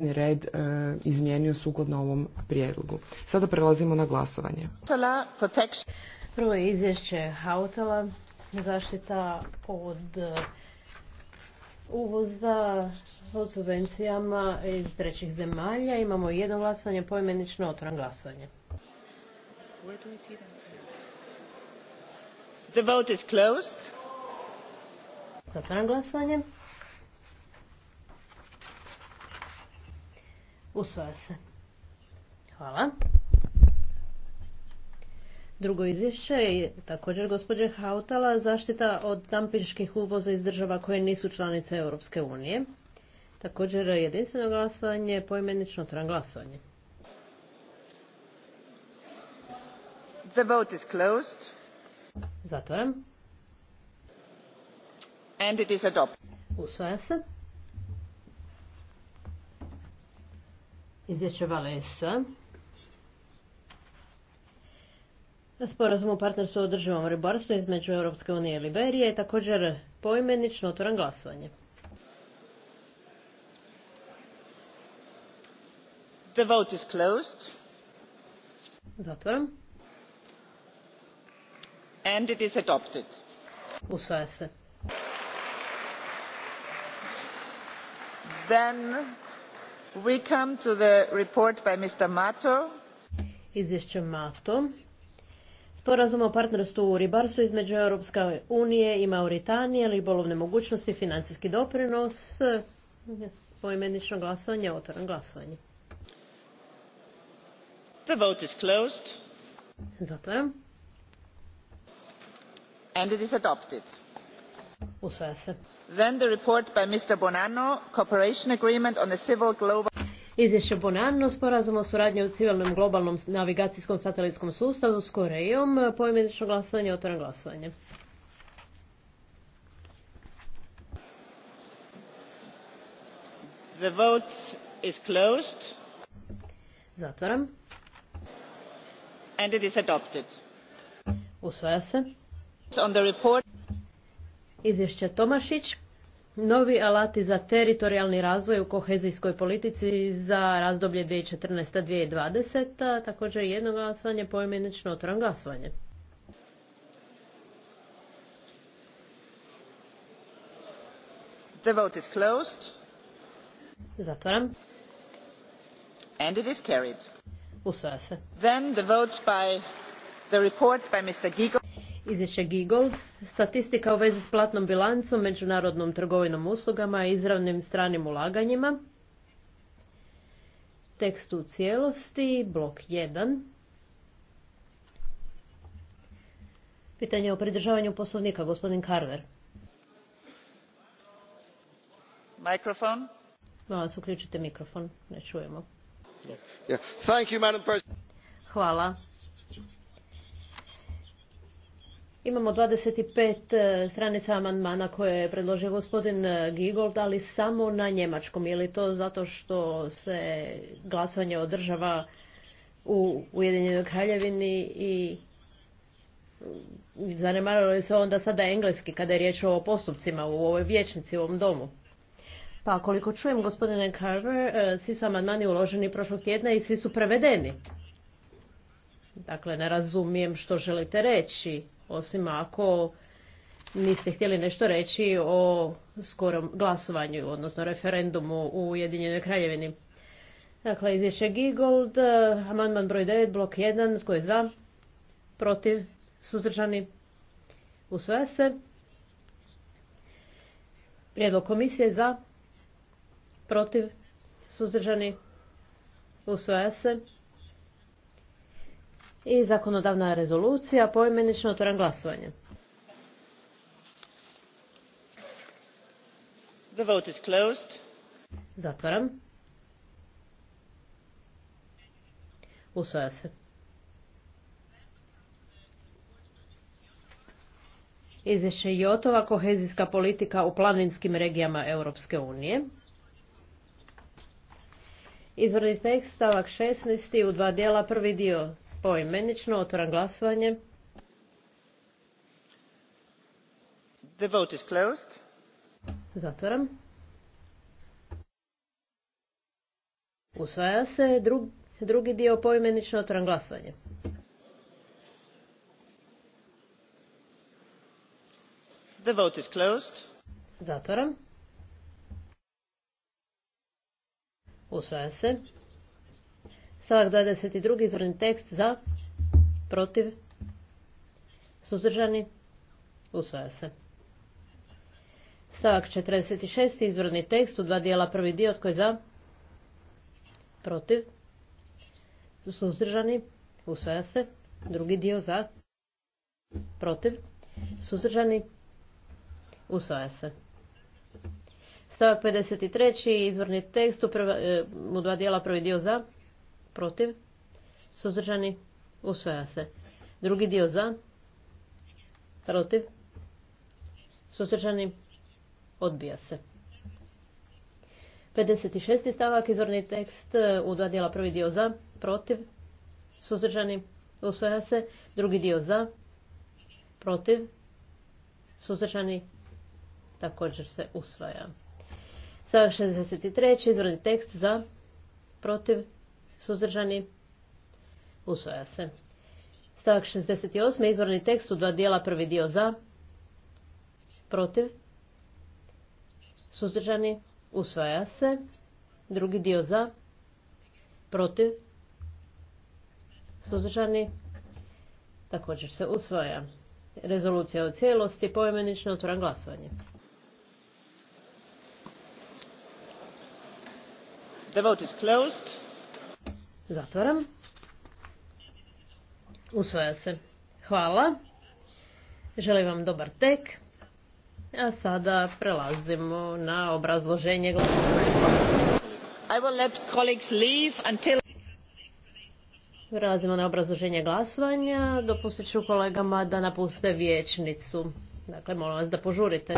red e, izmijenio sukladno ovom prijedlogu. Sada prelazimo na glasovanje. Prvo je izvješće Hautala, zaštita od e, uvoza od subvencijama iz trećih zemalja. Imamo jedno glasovanje, poimenično otvoran glasovanje. The vote is closed. glasovanje. Usvaja se. Hvala. Drugo izvješće je također gospođe Hautala zaštita od dampinških uvoza iz država koje nisu članice Europske unije. Također jedinstveno glasovanje, poimenično tran glasovanje. The vote is closed. Zatvaram. And it is adopted. Usvaja se. izvješće Valesa. Sporazum o partnerstvu održivom ribarstvu između Europske unije i Liberije je također poimenično otvoran glasovanje. The vote is closed. Zatvoram. And it is adopted. Usvaja se. Then We Mato. Izvješće Mato. Sporazum o partnerstvu u ribarstvu između Europske unije i Mauritanije, ribolovne mogućnosti, financijski doprinos, poimenično glasovanje, otvoren glasovanje. The vote is Zatvaram. Usvaja se then the report by Mr. Bonanno, Cooperation Agreement on the Civil Global... Izvješće Bonanno, sporazum o suradnji u civilnom globalnom navigacijskom satelitskom sustavu s Korejom, pojmenično glasovanje, otvoreno glasovanje. The vote is closed. Zatvaram. And it is adopted. Usvaja se. On the report izvješće Tomašić, novi alati za teritorijalni razvoj u kohezijskoj politici za razdoblje 2014-2020, također jedno glasovanje, pojmenično otvoran glasovanje. The vote is closed. Zatvaram. Usvaja se. Then the vote by Izvješće Gigold, statistika u vezi s platnom bilancom, međunarodnom trgovinom uslugama i izravnim stranim ulaganjima. Tekst u cijelosti, blok 1. Pitanje o pridržavanju poslovnika, gospodin Carver. Mikrofon. Molim uključite mikrofon, ne čujemo. Hvala Imamo 25 e, stranica amandmana koje je predložio gospodin e, Gigold, ali samo na njemačkom. Je li to zato što se glasovanje održava u Ujedinjenoj kraljevini i zanemarilo je se onda sada engleski kada je riječ o postupcima u ovoj vječnici, u ovom domu? Pa koliko čujem, gospodine Carver, e, svi su amandmani uloženi prošlog tjedna i svi su prevedeni. Dakle, ne razumijem što želite reći, osim ako niste htjeli nešto reći o skorom glasovanju, odnosno referendumu u Ujedinjenoj kraljevini. Dakle, izvješće Gigold, eh, amandman broj 9, blok 1, tko je za, protiv, suzdržani, usvaja se. Prijedlog komisije za, protiv, suzdržani, usvaja se i zakonodavna rezolucija. Poimenično otvoram glasovanje. The vote is closed. Zatvaram. Usvaja se. Izvješće Jotova, kohezijska politika u planinskim regijama Europske unije. Izvrni tekst, stavak 16. u dva dijela, prvi dio poimenično otvaram glasovanje The vote is closed. Zatvaram. Usvaja se drugi dio poimenično otvoran glasovanje. The vote is closed. Zatvaram. Usvaja se. Stavak 22. izvorni tekst za, protiv, suzdržani, usvaja se. Stavak 46. izvorni tekst u dva dijela prvi dio tko je za, protiv, suzdržani, usvaja se. Drugi dio za, protiv, suzdržani, usvaja se. Stavak 53. izvorni tekst u, eh, u dva dijela prvi dio za, protiv, suzdržani, usvaja se. Drugi dio za, protiv, suzdržani, odbija se. 56. stavak, izvorni tekst e, u dva dijela, prvi dio za, protiv, suzdržani, usvaja se, drugi dio za, protiv, suzdržani, također se usvaja. Stavak 63. izvorni tekst za, protiv, Suzdržani? Usvaja se. Stavak 68. Izvorni tekst u dva dijela. Prvi dio za. Protiv? Suzdržani? Usvaja se. Drugi dio za. Protiv? Suzdržani? Također se usvaja. Rezolucija u cijelosti. Pojmenično otvoran glasovanje. The vote is closed. Zatvaram. Usvaja se. Hvala. Želim vam dobar tek. A sada prelazimo na obrazloženje glasovanja. Until... Prelazimo na obrazloženje glasovanja. Dopustit ću kolegama da napuste vječnicu. Dakle, molim vas da požurite.